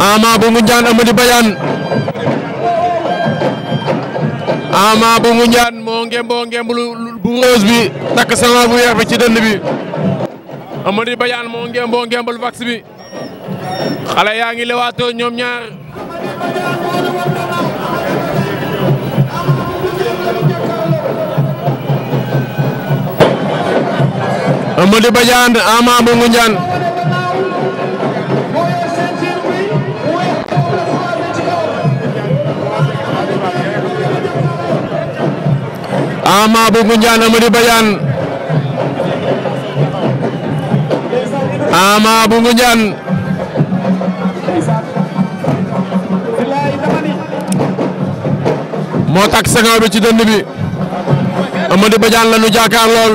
Ama bu Ngoundiane Amady Badiane Ama bu Ngoundiane moo ngemboo bu rose bi takk sama bu weex bi ci dënd bi Amady Badiane moo ngemboo ngembul vax bi xale yaa ngi lewaatoo ñoom ñaar Amady Badiane Ama bu Ngoundiane Ama bu Ngoundiane Amady Badiane Ama bu Ngoundiane moo takk sagaw bi ci dënd bi Amady la nu jàkkaar lool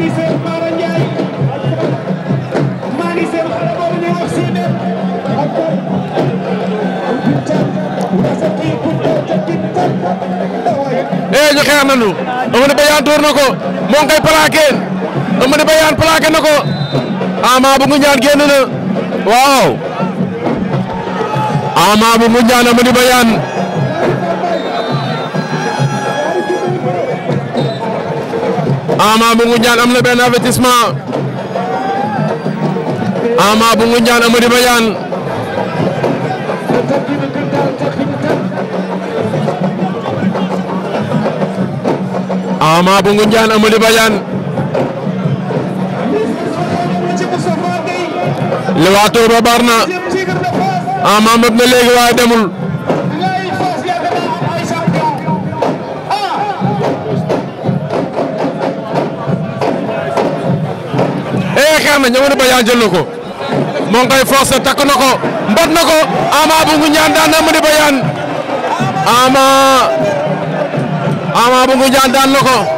ngi ee eh, ñu xeex nañu Amady Bayane door na ko moo ngi koy plaqué Amady Bayane plaqué na waaw Ama bu Ngoundiane Amady Bayane Ama bu Ngoundiane am na benn avertissement Ama bu Ngoundiane Amady Badiane Ama bu Ngoundiane Amady Badiane li waatoo ba bar na Ama mbëb na léegi waaye demul daan na ñëwoon ba yaa jël na ko moo takk na ko mbot na bu ngu ñaan daan na mu di ba yaan ama bu ngu ñaan daan na